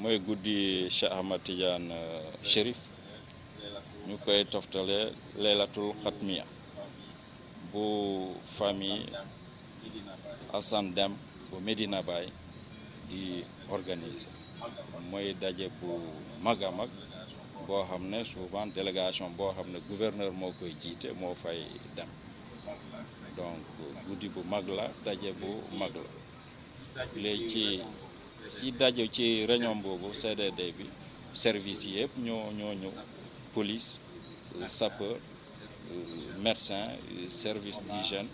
mooy guddi Cheikh Ahmad Tidiane euh, ñu koy toftale laylatul xatmiya bu famille Assane Dème bu Medina Baye di organiser mooy daje bu mag a mag boo xam ne souvent délégation boo xam ne gouverneur moo koy jiite moo fay dem donc guddi bu mag la daje bu mag la léegi ci ci daje ci réunion boobu CDD bi service yi yëpp ñoo ñoo ñëw police euh, sapeur euh, médecin euh, service d'hygiène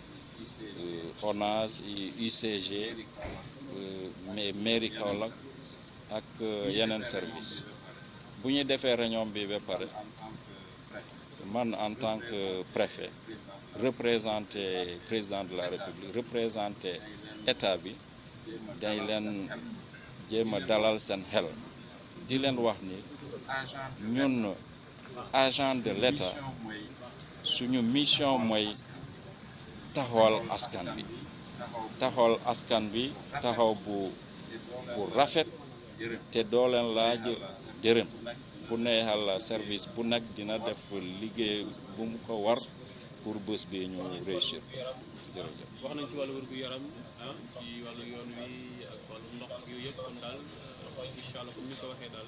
ONAS UCG mairie Kaolack ak yeneen service bu ñu defee réunion bi ba pare man en tant que préfet représenté président de la république représenté état bi day leen jéem a dalal seen xel di leen wax ni ñun agent de l'État suñu mission mooy taxawal askan bi taxaw bu bu rafet te doo leen laaj dërëm bu neexal service bu nekk dina def liggéey bu mu ko war pour bés bi ñu réussir jërëjëf wax nañ ci wàllu wërgu yaram ah ci ko waxee daal.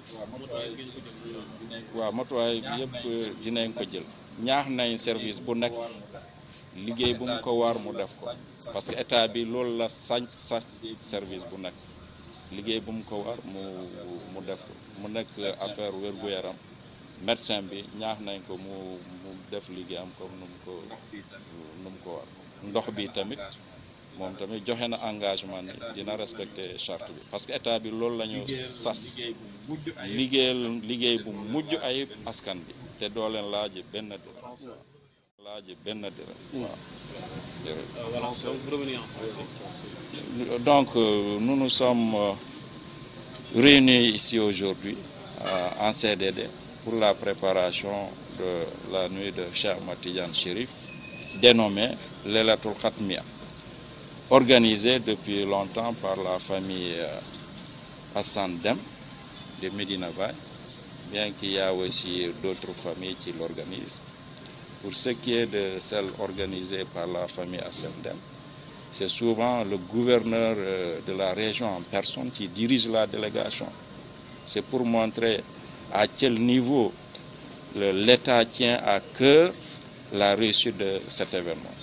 waaw matuwaay bi dinañ ko jël ñaax nañ service bu nekk liggéey bu mu ko war mu def ko parce que état bi loolu la sañ sañ service bu nekk liggéey bu mu ko waar mu mu def mu nekk affaire wërgu yaram. médecin bi ñaax nañ ko mu mu def liggéeyam comme nu mu ko nu mu ko war ndox bi tamit moom tamit joxe na engagement ni dina respecter charte bi parce que état bi loolu la ñu sas liggéeyal liggéey bu mujj ayib askan bi te doo laaj benn dërëm laaj benn donc euh, nous nous sommes euh, réunis ici aujourd'hui euh, en CDD pour la préparation de la nuit de Cheikh Matidiane Chérif dénommée Lelatul Khatmia, organisée depuis longtemps par la famille euh, Hassan Dem de Medina Bay, bien qu'il y a aussi d'autres familles qui l'organisent. Pour ce qui est de celle organisée par la famille Hassan Dem, c'est souvent le gouverneur euh, de la région en personne qui dirige la délégation. C'est pour montrer à quel niveau l'État tient à cœur la réussite de cet événement.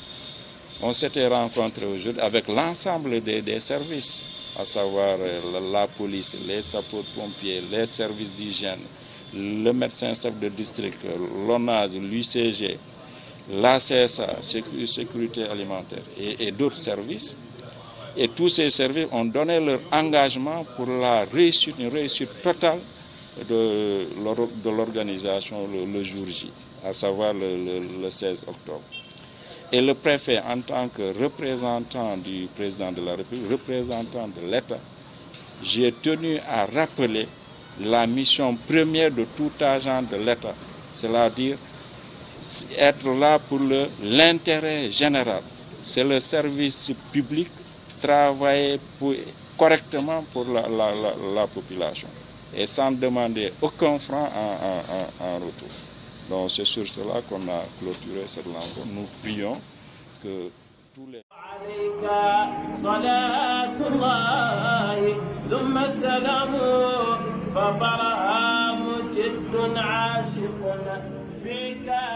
On s'était rencontré aujourd'hui avec l'ensemble des, des, services, à savoir euh, la, la police, les sapeurs-pompiers, les services d'hygiène, le médecin-chef de district, l'ONAS, l'UCG, la CSA, Sécurité alimentaire et, et d'autres services. Et tous ces services ont donné leur engagement pour la réussite, une réussite totale de, de l'organisation le, le, jour J, à savoir le, le, le 16 octobre. Et le préfet, en tant que représentant du président de la République, représentant de l'État, j'ai tenu à rappeler la mission première de tout agent de l'État, c'est-à-dire être là pour l'intérêt général. C'est le service public, travailler pour, correctement pour la, la, la, la population. et sans demander aucun franc en, retour. Donc c'est sur cela qu'on a clôturé cette rencontre. Nous prions que tous les... فطرها مجد عاشق فيك